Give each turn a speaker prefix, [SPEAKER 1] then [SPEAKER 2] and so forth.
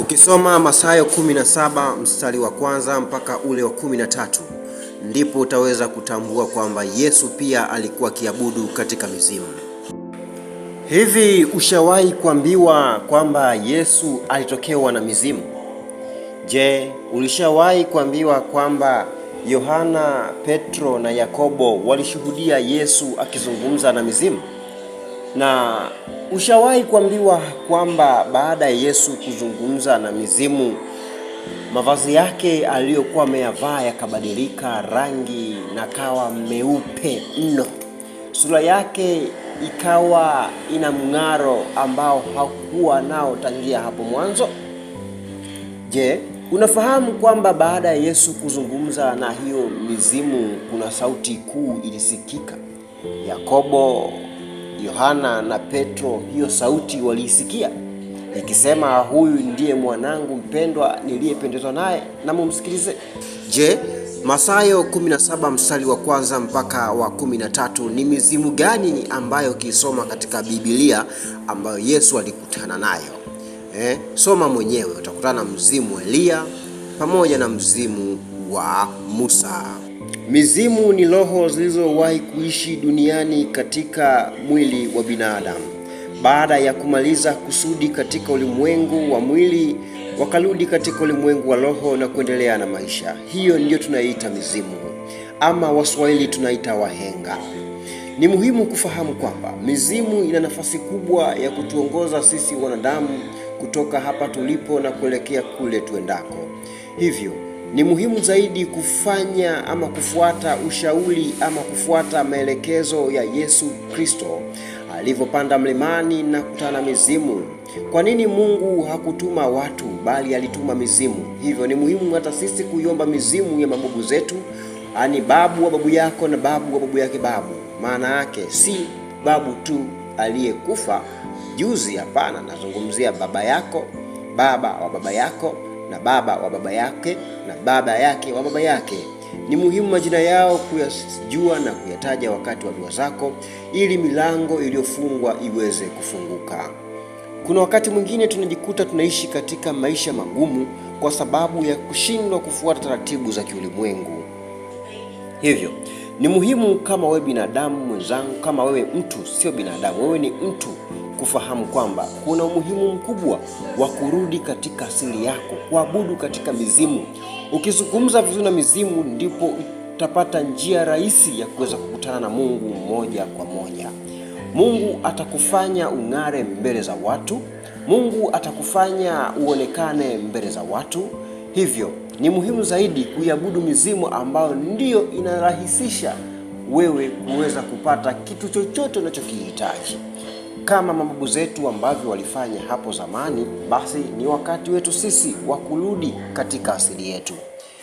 [SPEAKER 1] Ukisoma Mathayo 17 mstari wa kwanza mpaka ule wa tatu ndipo utaweza kutambua kwamba Yesu pia alikuwa akiabudu katika mizimu.
[SPEAKER 2] Hivi ushawahi kuambiwa kwamba Yesu alitokewa na mizimu? Je, ulishawahi kuambiwa kwamba Yohana, Petro na Yakobo walishuhudia Yesu akizungumza na mizimu? Na ushawahi kuambiwa kwamba baada ya Yesu kuzungumza na mizimu, mavazi yake aliyokuwa ameyavaa yakabadilika rangi na kawa meupe mno, sura yake ikawa ina mng'aro ambao hakuwa nao tangia hapo mwanzo? Je, unafahamu kwamba baada ya Yesu kuzungumza na hiyo mizimu kuna sauti kuu ilisikika? Yakobo Yohana na Petro hiyo sauti waliisikia ikisema, huyu ndiye mwanangu mpendwa niliyependezwa naye na mumsikilize.
[SPEAKER 1] Je, masayo 17 mstari wa kwanza mpaka wa 13 ni mizimu gani ambayo ukisoma katika Biblia ambayo Yesu alikutana nayo? Eh, soma mwenyewe utakutana na mzimu Eliya pamoja na mzimu wa Musa.
[SPEAKER 3] Mizimu ni roho zilizowahi kuishi duniani katika mwili wa binadamu. Baada ya kumaliza kusudi katika ulimwengu wa mwili, wakarudi katika ulimwengu wa roho na kuendelea na maisha. Hiyo ndiyo tunaiita mizimu, ama Waswahili tunaita wahenga. Ni muhimu kufahamu kwamba mizimu ina nafasi kubwa ya kutuongoza sisi wanadamu kutoka hapa tulipo na kuelekea kule tuendako. Hivyo ni muhimu zaidi kufanya ama kufuata ushauri ama kufuata maelekezo ya Yesu Kristo alivyopanda mlimani na kutana mizimu. Kwa nini Mungu hakutuma watu bali alituma mizimu? Hivyo ni muhimu hata sisi kuiomba mizimu ya mababu zetu, ani babu wa babu yako na babu wa babu yake babu. Maana yake si babu tu aliyekufa juzi, hapana, nazungumzia baba yako, baba wa baba yako na baba wa baba yake na baba yake wa baba yake ni muhimu majina yao kuyajua na kuyataja wakati wa dua zako ili milango iliyofungwa iweze kufunguka kuna wakati mwingine tunajikuta tunaishi katika maisha magumu kwa sababu ya kushindwa kufuata taratibu za kiulimwengu hivyo ni muhimu kama wewe binadamu mwenzangu kama wewe mtu sio binadamu wewe ni mtu kufahamu kwamba kuna umuhimu mkubwa wa kurudi katika asili yako, kuabudu katika mizimu. Ukizungumza vizuri na mizimu, ndipo utapata njia rahisi ya kuweza kukutana na Mungu moja kwa moja. Mungu atakufanya ung'are mbele za watu. Mungu atakufanya uonekane mbele za watu. Hivyo ni muhimu zaidi kuiabudu mizimu ambayo ndiyo inarahisisha wewe kuweza kupata kitu chochote unachokihitaji kama mababu zetu ambavyo walifanya hapo zamani, basi ni wakati wetu sisi wa kurudi katika asili yetu.